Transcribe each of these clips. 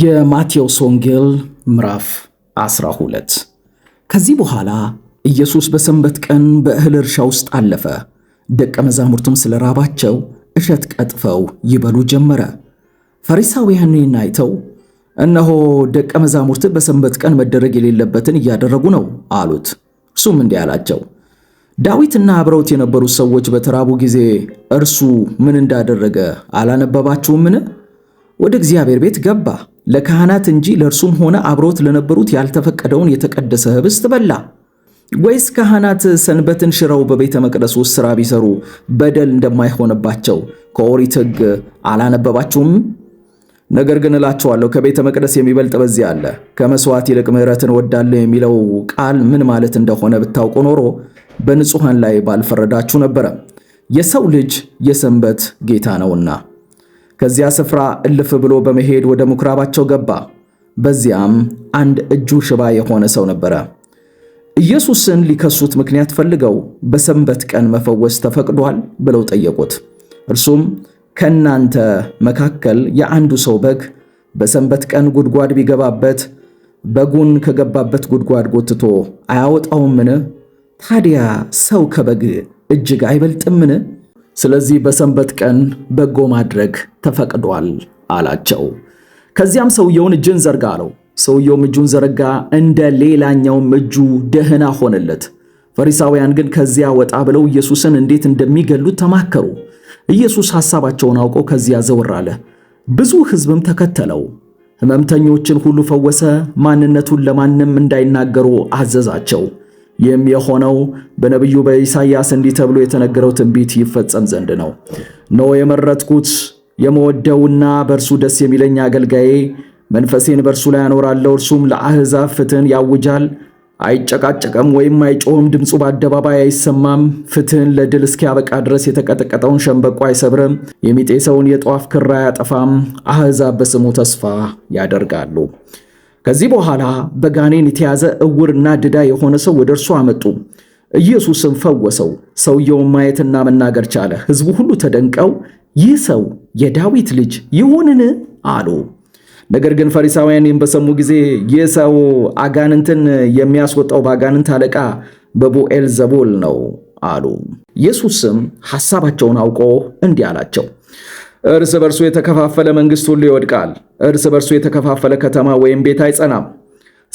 የማቴዎስ ወንጌል ምዕራፍ 12 ከዚህ በኋላ ኢየሱስ በሰንበት ቀን በእህል እርሻ ውስጥ አለፈ። ደቀ መዛሙርቱም ስለ ራባቸው እሸት ቀጥፈው ይበሉ ጀመረ። ፈሪሳውያን ይህን አይተው እነሆ ደቀ መዛሙርት በሰንበት ቀን መደረግ የሌለበትን እያደረጉ ነው አሉት። እርሱም እንዲህ አላቸው፣ ዳዊትና አብረውት የነበሩት ሰዎች በተራቡ ጊዜ እርሱ ምን እንዳደረገ አላነበባችሁምን? ወደ እግዚአብሔር ቤት ገባ ለካህናት እንጂ ለእርሱም ሆነ አብሮት ለነበሩት ያልተፈቀደውን የተቀደሰ ህብስት በላ። ወይስ ካህናት ሰንበትን ሽረው በቤተ መቅደስ ውስጥ ሥራ ቢሰሩ በደል እንደማይሆንባቸው ከኦሪት ሕግ አላነበባችሁም? ነገር ግን እላችኋለሁ ከቤተ መቅደስ የሚበልጥ በዚህ አለ። ከመሥዋዕት ይልቅ ምሕረትን እወዳለሁ የሚለው ቃል ምን ማለት እንደሆነ ብታውቁ ኖሮ በንጹሐን ላይ ባልፈረዳችሁ ነበረ። የሰው ልጅ የሰንበት ጌታ ነውና። ከዚያ ስፍራ እልፍ ብሎ በመሄድ ወደ ምኩራባቸው ገባ። በዚያም አንድ እጁ ሽባ የሆነ ሰው ነበረ። ኢየሱስን ሊከሱት ምክንያት ፈልገው በሰንበት ቀን መፈወስ ተፈቅዷል ብለው ጠየቁት። እርሱም ከእናንተ መካከል የአንዱ ሰው በግ በሰንበት ቀን ጉድጓድ ቢገባበት በጉን ከገባበት ጉድጓድ ጎትቶ አያወጣውምን? ታዲያ ሰው ከበግ እጅግ አይበልጥምን? ስለዚህ በሰንበት ቀን በጎ ማድረግ ተፈቅዷል አላቸው። ከዚያም ሰውየውን እጅን ዘርጋ አለው። ሰውየውም እጁን ዘረጋ፣ እንደ ሌላኛውም እጁ ደህና ሆነለት። ፈሪሳውያን ግን ከዚያ ወጣ ብለው ኢየሱስን እንዴት እንደሚገሉት ተማከሩ። ኢየሱስ ሐሳባቸውን አውቆ ከዚያ ዘወር አለ። ብዙ ሕዝብም ተከተለው። ሕመምተኞችን ሁሉ ፈወሰ። ማንነቱን ለማንም እንዳይናገሩ አዘዛቸው። ይህም የሆነው በነቢዩ በኢሳይያስ እንዲህ ተብሎ የተነገረው ትንቢት ይፈጸም ዘንድ ነው። እነሆ የመረጥኩት የመወደውና በእርሱ ደስ የሚለኝ አገልጋዬ መንፈሴን በእርሱ ላይ ያኖራለሁ። እርሱም ለአሕዛብ ፍትህን ያውጃል። አይጨቃጨቅም ወይም አይጮህም፣ ድምፁ በአደባባይ አይሰማም። ፍትህን ለድል እስኪያበቃ ድረስ የተቀጠቀጠውን ሸንበቆ አይሰብርም፣ የሚጤሰውን የጧፍ ክር አያጠፋም። አሕዛብ በስሙ ተስፋ ያደርጋሉ። ከዚህ በኋላ በጋኔን የተያዘ እውርና ድዳ የሆነ ሰው ወደ እርሱ አመጡ። ኢየሱስም ፈወሰው። ሰውየውን ማየትና መናገር ቻለ። ሕዝቡ ሁሉ ተደንቀው ይህ ሰው የዳዊት ልጅ ይሁንን አሉ። ነገር ግን ፈሪሳውያን ይህን በሰሙ ጊዜ ይህ ሰው አጋንንትን የሚያስወጣው በአጋንንት አለቃ በቡኤል ዘቦል ነው አሉ። ኢየሱስም ሐሳባቸውን አውቆ እንዲህ አላቸው እርስ በርሱ የተከፋፈለ መንግስት ሁሉ ይወድቃል። እርስ በርሱ የተከፋፈለ ከተማ ወይም ቤት አይጸናም።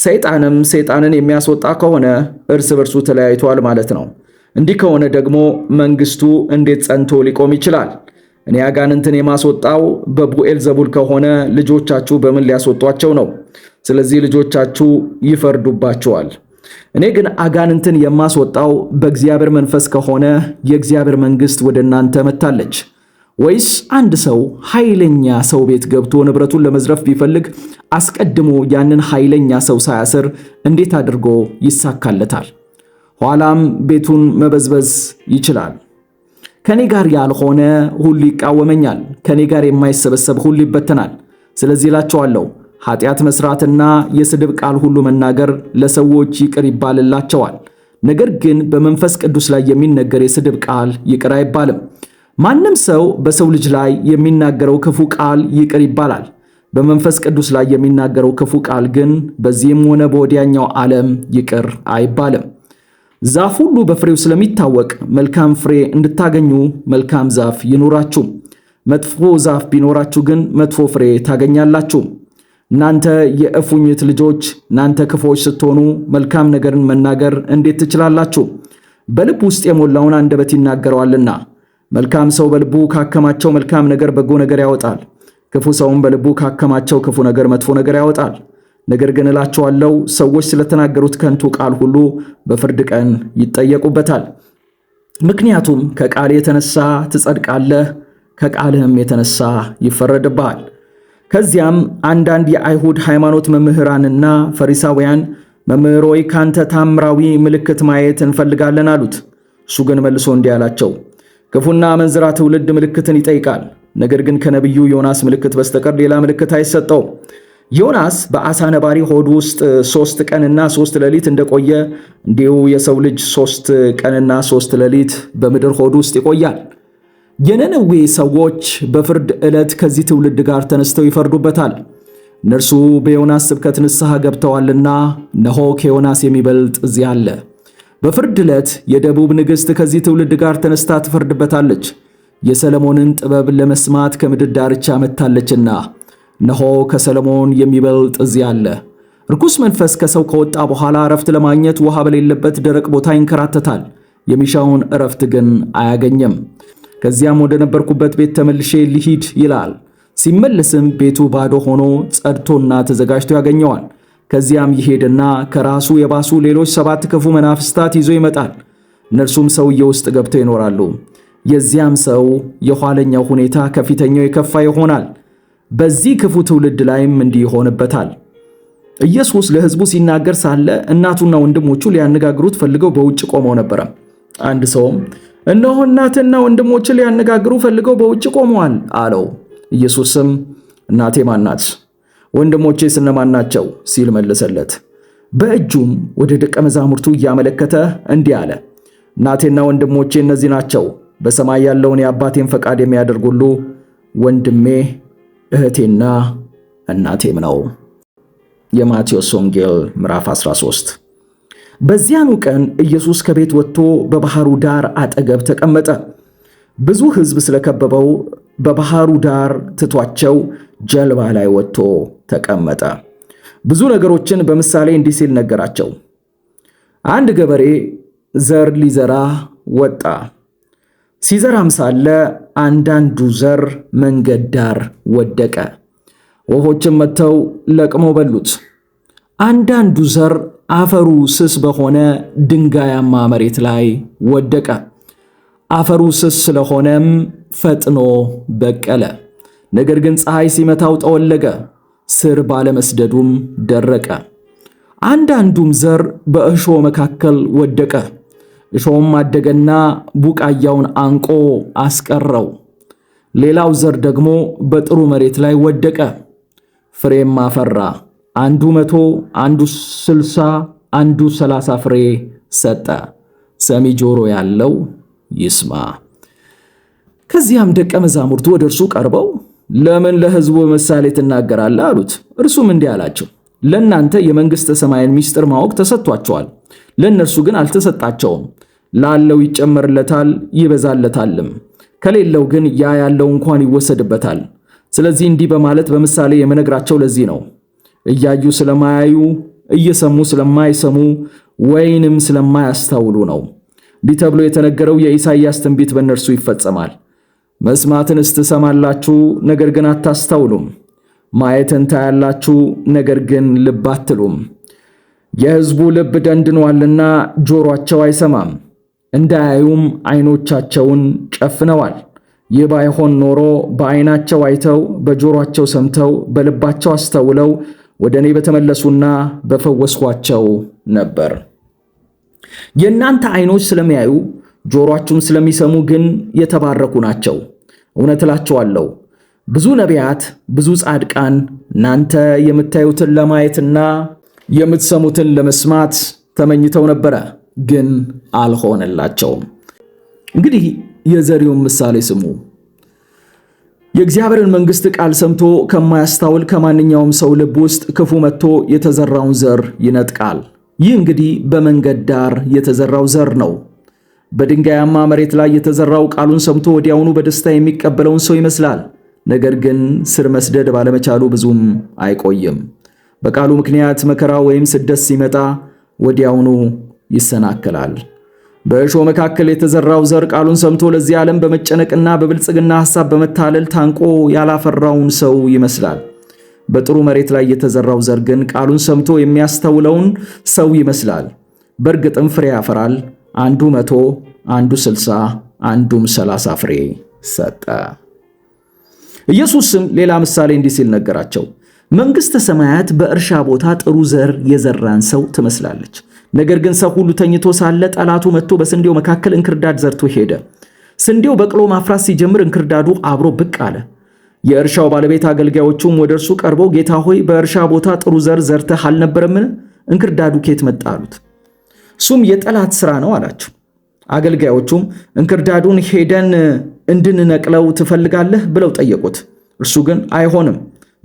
ሰይጣንም ሰይጣንን የሚያስወጣ ከሆነ እርስ በርሱ ተለያይቷል ማለት ነው። እንዲህ ከሆነ ደግሞ መንግስቱ እንዴት ጸንቶ ሊቆም ይችላል? እኔ አጋንንትን የማስወጣው በቡኤል ዘቡል ከሆነ ልጆቻችሁ በምን ሊያስወጧቸው ነው? ስለዚህ ልጆቻችሁ ይፈርዱባቸዋል። እኔ ግን አጋንንትን የማስወጣው በእግዚአብሔር መንፈስ ከሆነ የእግዚአብሔር መንግስት ወደ እናንተ መጥታለች። ወይስ አንድ ሰው ኃይለኛ ሰው ቤት ገብቶ ንብረቱን ለመዝረፍ ቢፈልግ አስቀድሞ ያንን ኃይለኛ ሰው ሳያስር እንዴት አድርጎ ይሳካለታል? ኋላም ቤቱን መበዝበዝ ይችላል። ከኔ ጋር ያልሆነ ሁሉ ይቃወመኛል፣ ከኔ ጋር የማይሰበሰብ ሁሉ ይበተናል። ስለዚህ እላቸዋለሁ ኃጢአት መስራትና የስድብ ቃል ሁሉ መናገር ለሰዎች ይቅር ይባልላቸዋል፣ ነገር ግን በመንፈስ ቅዱስ ላይ የሚነገር የስድብ ቃል ይቅር አይባልም። ማንም ሰው በሰው ልጅ ላይ የሚናገረው ክፉ ቃል ይቅር ይባላል፣ በመንፈስ ቅዱስ ላይ የሚናገረው ክፉ ቃል ግን በዚህም ሆነ በወዲያኛው ዓለም ይቅር አይባልም። ዛፍ ሁሉ በፍሬው ስለሚታወቅ መልካም ፍሬ እንድታገኙ መልካም ዛፍ ይኑራችሁ፣ መጥፎ ዛፍ ቢኖራችሁ ግን መጥፎ ፍሬ ታገኛላችሁ። እናንተ የእፉኝት ልጆች፣ እናንተ ክፉዎች ስትሆኑ መልካም ነገርን መናገር እንዴት ትችላላችሁ? በልብ ውስጥ የሞላውን አንደበት ይናገረዋልና። መልካም ሰው በልቡ ካከማቸው መልካም ነገር በጎ ነገር ያወጣል፣ ክፉ ሰውም በልቡ ካከማቸው ክፉ ነገር መጥፎ ነገር ያወጣል። ነገር ግን እላቸዋለሁ ሰዎች ስለተናገሩት ከንቱ ቃል ሁሉ በፍርድ ቀን ይጠየቁበታል። ምክንያቱም ከቃል የተነሳ ትጸድቃለህ፣ ከቃልህም የተነሳ ይፈረድብሃል። ከዚያም አንዳንድ የአይሁድ ሃይማኖት መምህራንና ፈሪሳውያን መምህሮይ ካንተ ታምራዊ ምልክት ማየት እንፈልጋለን አሉት። እሱ ግን መልሶ እንዲህ አላቸው ክፉና አመንዝራ ትውልድ ምልክትን ይጠይቃል። ነገር ግን ከነቢዩ ዮናስ ምልክት በስተቀር ሌላ ምልክት አይሰጠውም። ዮናስ በአሳ ነባሪ ሆድ ውስጥ ሶስት ቀንና ሶስት ሌሊት እንደቆየ እንዲሁ የሰው ልጅ ሶስት ቀንና ሶስት ሌሊት በምድር ሆድ ውስጥ ይቆያል። የነነዌ ሰዎች በፍርድ ዕለት ከዚህ ትውልድ ጋር ተነስተው ይፈርዱበታል። እነርሱ በዮናስ ስብከት ንስሐ ገብተዋልና፣ እነሆ ከዮናስ የሚበልጥ እዚያ አለ። በፍርድ ዕለት የደቡብ ንግሥት ከዚህ ትውልድ ጋር ተነስታ ትፈርድበታለች። የሰለሞንን ጥበብ ለመስማት ከምድር ዳርቻ መጥታለችና፣ ነሆ ከሰለሞን የሚበልጥ እዚህ አለ። ርኩስ መንፈስ ከሰው ከወጣ በኋላ እረፍት ለማግኘት ውሃ በሌለበት ደረቅ ቦታ ይንከራተታል። የሚሻውን እረፍት ግን አያገኘም። ከዚያም ወደ ነበርኩበት ቤት ተመልሼ ልሂድ ይላል። ሲመለስም ቤቱ ባዶ ሆኖ ጸድቶና ተዘጋጅቶ ያገኘዋል። ከዚያም ይሄድና ከራሱ የባሱ ሌሎች ሰባት ክፉ መናፍስታት ይዞ ይመጣል። እነርሱም ሰውየው ውስጥ ገብተው ይኖራሉ። የዚያም ሰው የኋለኛው ሁኔታ ከፊተኛው የከፋ ይሆናል። በዚህ ክፉ ትውልድ ላይም እንዲህ ይሆንበታል። ኢየሱስ ለሕዝቡ ሲናገር ሳለ እናቱና ወንድሞቹ ሊያነጋግሩት ፈልገው በውጭ ቆመው ነበረ። አንድ ሰውም እነሆ እናትና ወንድሞች ሊያነጋግሩ ፈልገው በውጭ ቆመዋል አለው። ኢየሱስም እናቴ ማን ናት? ወንድሞቼ እነማን ናቸው ሲል መለሰለት። በእጁም ወደ ደቀ መዛሙርቱ እያመለከተ እንዲህ አለ፣ እናቴና ወንድሞቼ እነዚህ ናቸው። በሰማይ ያለውን የአባቴን ፈቃድ የሚያደርግ ሁሉ ወንድሜ እህቴና እናቴም ነው። የማቴዎስ ወንጌል ምዕራፍ 13። በዚያኑ ቀን ኢየሱስ ከቤት ወጥቶ በባህሩ ዳር አጠገብ ተቀመጠ። ብዙ ሕዝብ ስለከበበው በባህሩ ዳር ትቷቸው ጀልባ ላይ ወጥቶ ተቀመጠ። ብዙ ነገሮችን በምሳሌ እንዲህ ሲል ነገራቸው። አንድ ገበሬ ዘር ሊዘራ ወጣ። ሲዘራም ሳለ አንዳንዱ ዘር መንገድ ዳር ወደቀ፣ ወፎችም መጥተው ለቅመው በሉት። አንዳንዱ ዘር አፈሩ ስስ በሆነ ድንጋያማ መሬት ላይ ወደቀ። አፈሩ ስስ ስለሆነም ፈጥኖ በቀለ። ነገር ግን ፀሐይ ሲመታው ጠወለገ፣ ስር ባለመስደዱም ደረቀ። አንዳንዱም ዘር በእሾ መካከል ወደቀ። እሾም አደገና ቡቃያውን አንቆ አስቀረው። ሌላው ዘር ደግሞ በጥሩ መሬት ላይ ወደቀ፣ ፍሬም አፈራ። አንዱ መቶ አንዱ ስልሳ አንዱ ሰላሳ ፍሬ ሰጠ። ሰሚ ጆሮ ያለው ይስማ። ከዚያም ደቀ መዛሙርቱ ወደ እርሱ ቀርበው ለምን ለህዝቡ ምሳሌ ትናገራለ አሉት። እርሱም እንዲህ አላቸው፣ ለእናንተ የመንግሥተ ሰማያዊ ምስጢር ማወቅ ተሰጥቷቸዋል፣ ለእነርሱ ግን አልተሰጣቸውም። ላለው ይጨመርለታል ይበዛለታልም፣ ከሌለው ግን ያ ያለው እንኳን ይወሰድበታል። ስለዚህ እንዲህ በማለት በምሳሌ የምነግራቸው ለዚህ ነው። እያዩ ስለማያዩ እየሰሙ ስለማይሰሙ ወይንም ስለማያስታውሉ ነው። እንዲህ ተብሎ የተነገረው የኢሳይያስ ትንቢት በእነርሱ ይፈጸማል። መስማትን እስትሰማላችሁ ነገር ግን አታስተውሉም። ማየትን ታያላችሁ፣ ነገር ግን ልብ አትሉም። የሕዝቡ ልብ ደንድኗልና ጆሮአቸው አይሰማም፣ እንዳያዩም አይኖቻቸውን ጨፍነዋል። ይህ ባይሆን ኖሮ በዓይናቸው አይተው በጆሮአቸው ሰምተው በልባቸው አስተውለው ወደ እኔ በተመለሱና በፈወስኋቸው ነበር። የእናንተ አይኖች ስለሚያዩ ጆሮአችሁን ስለሚሰሙ ግን የተባረኩ ናቸው። እውነት እላችኋለሁ ብዙ ነቢያት፣ ብዙ ጻድቃን እናንተ የምታዩትን ለማየትና የምትሰሙትን ለመስማት ተመኝተው ነበረ፣ ግን አልሆነላቸውም። እንግዲህ የዘሪውን ምሳሌ ስሙ። የእግዚአብሔርን መንግሥት ቃል ሰምቶ ከማያስታውል ከማንኛውም ሰው ልብ ውስጥ ክፉ መጥቶ የተዘራውን ዘር ይነጥቃል። ይህ እንግዲህ በመንገድ ዳር የተዘራው ዘር ነው። በድንጋያማ መሬት ላይ የተዘራው ቃሉን ሰምቶ ወዲያውኑ በደስታ የሚቀበለውን ሰው ይመስላል። ነገር ግን ስር መስደድ ባለመቻሉ ብዙም አይቆይም። በቃሉ ምክንያት መከራ ወይም ስደት ሲመጣ ወዲያውኑ ይሰናከላል። በእሾህ መካከል የተዘራው ዘር ቃሉን ሰምቶ ለዚህ ዓለም በመጨነቅና በብልጽግና ሐሳብ በመታለል ታንቆ ያላፈራውን ሰው ይመስላል። በጥሩ መሬት ላይ የተዘራው ዘር ግን ቃሉን ሰምቶ የሚያስተውለውን ሰው ይመስላል። በእርግጥም ፍሬ ያፈራል፣ አንዱ መቶ አንዱ ስልሳ አንዱም ሰላሳ ፍሬ ሰጠ። ኢየሱስም ሌላ ምሳሌ እንዲህ ሲል ነገራቸው። መንግሥተ ሰማያት በእርሻ ቦታ ጥሩ ዘር የዘራን ሰው ትመስላለች። ነገር ግን ሰው ሁሉ ተኝቶ ሳለ ጠላቱ መጥቶ በስንዴው መካከል እንክርዳድ ዘርቶ ሄደ። ስንዴው በቅሎ ማፍራት ሲጀምር እንክርዳዱ አብሮ ብቅ አለ። የእርሻው ባለቤት አገልጋዮቹም ወደ እርሱ ቀርበው ጌታ ሆይ፣ በእርሻ ቦታ ጥሩ ዘር ዘርተህ አልነበረምን? እንክርዳዱ ኬት መጣ አሉት። እሱም የጠላት ስራ ነው አላቸው። አገልጋዮቹም እንክርዳዱን ሄደን እንድንነቅለው ትፈልጋለህ ብለው ጠየቁት። እርሱ ግን አይሆንም፣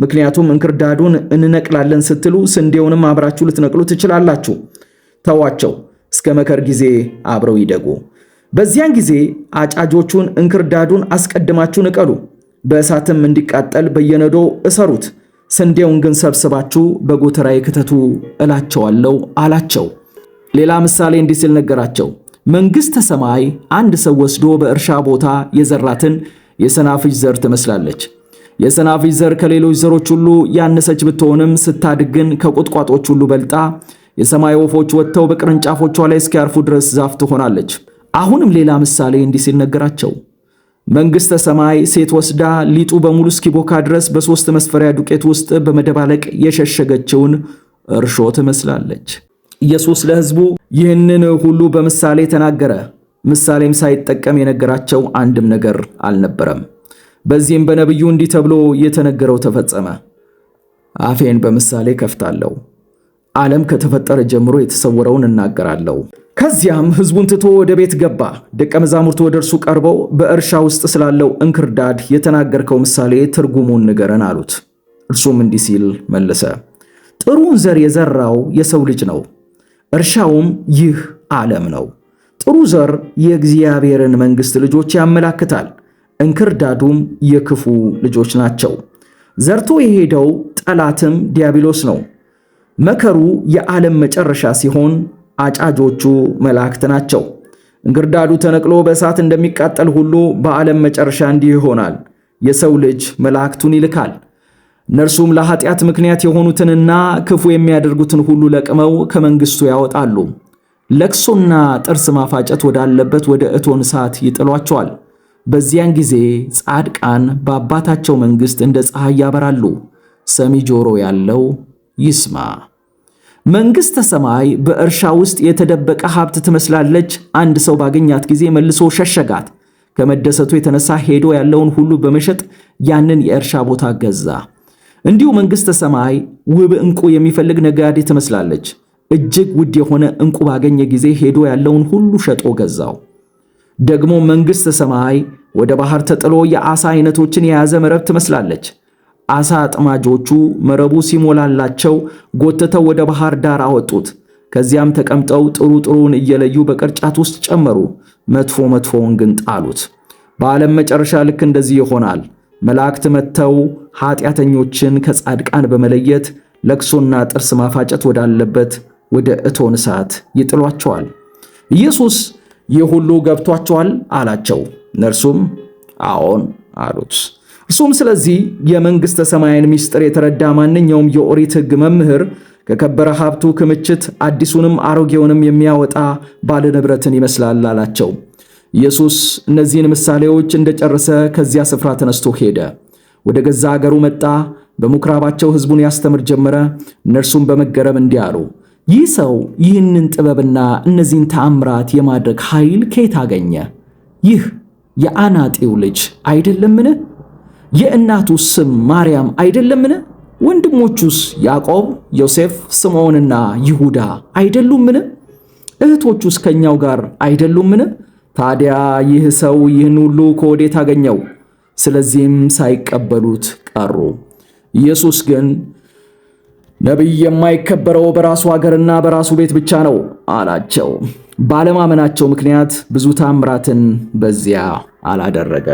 ምክንያቱም እንክርዳዱን እንነቅላለን ስትሉ ስንዴውንም አብራችሁ ልትነቅሉ ትችላላችሁ። ተዋቸው፣ እስከ መከር ጊዜ አብረው ይደጉ። በዚያን ጊዜ አጫጆቹን እንክርዳዱን አስቀድማችሁ ንቀሉ፣ በእሳትም እንዲቃጠል በየነዶው እሰሩት፣ ስንዴውን ግን ሰብስባችሁ በጎተራዬ ክተቱ እላቸዋለሁ አላቸው። ሌላ ምሳሌ እንዲህ ሲል ነገራቸው። መንግሥተ ሰማይ አንድ ሰው ወስዶ በእርሻ ቦታ የዘራትን የሰናፍጭ ዘር ትመስላለች። የሰናፍጭ ዘር ከሌሎች ዘሮች ሁሉ ያነሰች ብትሆንም ስታድግ ግን ከቁጥቋጦች ሁሉ በልጣ የሰማይ ወፎች ወጥተው በቅርንጫፎቿ ላይ እስኪያርፉ ድረስ ዛፍ ትሆናለች። አሁንም ሌላ ምሳሌ እንዲህ ሲል ነገራቸው። መንግሥተ ሰማይ ሴት ወስዳ ሊጡ በሙሉ እስኪቦካ ድረስ በሦስት መስፈሪያ ዱቄት ውስጥ በመደባለቅ የሸሸገችውን እርሾ ትመስላለች። ኢየሱስ ለሕዝቡ ይህንን ሁሉ በምሳሌ ተናገረ። ምሳሌም ሳይጠቀም የነገራቸው አንድም ነገር አልነበረም። በዚህም በነቢዩ እንዲህ ተብሎ የተነገረው ተፈጸመ። አፌን በምሳሌ ከፍታለሁ፣ ዓለም ከተፈጠረ ጀምሮ የተሰወረውን እናገራለሁ። ከዚያም ሕዝቡን ትቶ ወደ ቤት ገባ። ደቀ መዛሙርቱ ወደ እርሱ ቀርበው በእርሻ ውስጥ ስላለው እንክርዳድ የተናገርከው ምሳሌ ትርጉሙን ንገረን አሉት። እርሱም እንዲህ ሲል መለሰ፣ ጥሩን ዘር የዘራው የሰው ልጅ ነው። እርሻውም ይህ ዓለም ነው። ጥሩ ዘር የእግዚአብሔርን መንግሥት ልጆች ያመላክታል። እንክርዳዱም የክፉ ልጆች ናቸው። ዘርቶ የሄደው ጠላትም ዲያብሎስ ነው። መከሩ የዓለም መጨረሻ ሲሆን አጫጆቹ መላእክት ናቸው። እንክርዳዱ ተነቅሎ በእሳት እንደሚቃጠል ሁሉ በዓለም መጨረሻ እንዲህ ይሆናል። የሰው ልጅ መላእክቱን ይልካል እነርሱም ለኃጢአት ምክንያት የሆኑትንና ክፉ የሚያደርጉትን ሁሉ ለቅመው ከመንግሥቱ ያወጣሉ። ለቅሶና ጥርስ ማፋጨት ወዳለበት ወደ እቶን እሳት ይጥሏቸዋል። በዚያን ጊዜ ጻድቃን በአባታቸው መንግሥት እንደ ፀሐይ ያበራሉ። ሰሚ ጆሮ ያለው ይስማ። መንግሥተ ሰማይ በእርሻ ውስጥ የተደበቀ ሀብት ትመስላለች። አንድ ሰው ባገኛት ጊዜ መልሶ ሸሸጋት። ከመደሰቱ የተነሳ ሄዶ ያለውን ሁሉ በመሸጥ ያንን የእርሻ ቦታ ገዛ። እንዲሁ መንግሥተ ሰማይ ውብ ዕንቁ የሚፈልግ ነጋዴ ትመስላለች። እጅግ ውድ የሆነ ዕንቁ ባገኘ ጊዜ ሄዶ ያለውን ሁሉ ሸጦ ገዛው። ደግሞ መንግሥተ ሰማይ ወደ ባህር ተጥሎ የዓሣ አይነቶችን የያዘ መረብ ትመስላለች። ዓሣ አጥማጆቹ መረቡ ሲሞላላቸው ጎትተው ወደ ባህር ዳር አወጡት። ከዚያም ተቀምጠው ጥሩ ጥሩውን እየለዩ በቅርጫት ውስጥ ጨመሩ፣ መጥፎ መጥፎውን ግን ጣሉት። በዓለም መጨረሻ ልክ እንደዚህ ይሆናል። መላእክት መጥተው ኃጢአተኞችን ከጻድቃን በመለየት ለቅሶና ጥርስ ማፋጨት ወዳለበት ወደ እቶን እሳት ይጥሏቸዋል። ኢየሱስ ይህ ሁሉ ገብቷቸዋል አላቸው። እነርሱም አዎን አሉት። እርሱም ስለዚህ የመንግሥተ ሰማያን ምስጢር የተረዳ ማንኛውም የኦሪት ሕግ መምህር ከከበረ ሀብቱ ክምችት አዲሱንም አሮጌውንም የሚያወጣ ባለ ንብረትን ይመስላል አላቸው። ኢየሱስ እነዚህን ምሳሌዎች እንደጨረሰ ከዚያ ስፍራ ተነስቶ ሄደ። ወደ ገዛ አገሩ መጣ። በሙክራባቸው ሕዝቡን ያስተምር ጀመረ። እነርሱም በመገረም እንዲህ አሉ፣ ይህ ሰው ይህንን ጥበብና እነዚህን ተአምራት የማድረግ ኃይል ከየት አገኘ? ይህ የአናጢው ልጅ አይደለምን? የእናቱ ስም ማርያም አይደለምን? ወንድሞቹስ ያዕቆብ፣ ዮሴፍ፣ ስምዖንና ይሁዳ አይደሉምን? እህቶቹስ ከእኛው ጋር አይደሉምን? ታዲያ ይህ ሰው ይህን ሁሉ ከወዴት አገኘው? ስለዚህም ሳይቀበሉት ቀሩ። ኢየሱስ ግን ነቢይ የማይከበረው በራሱ ሀገርና በራሱ ቤት ብቻ ነው አላቸው። ባለማመናቸው ምክንያት ብዙ ታምራትን በዚያ አላደረገ።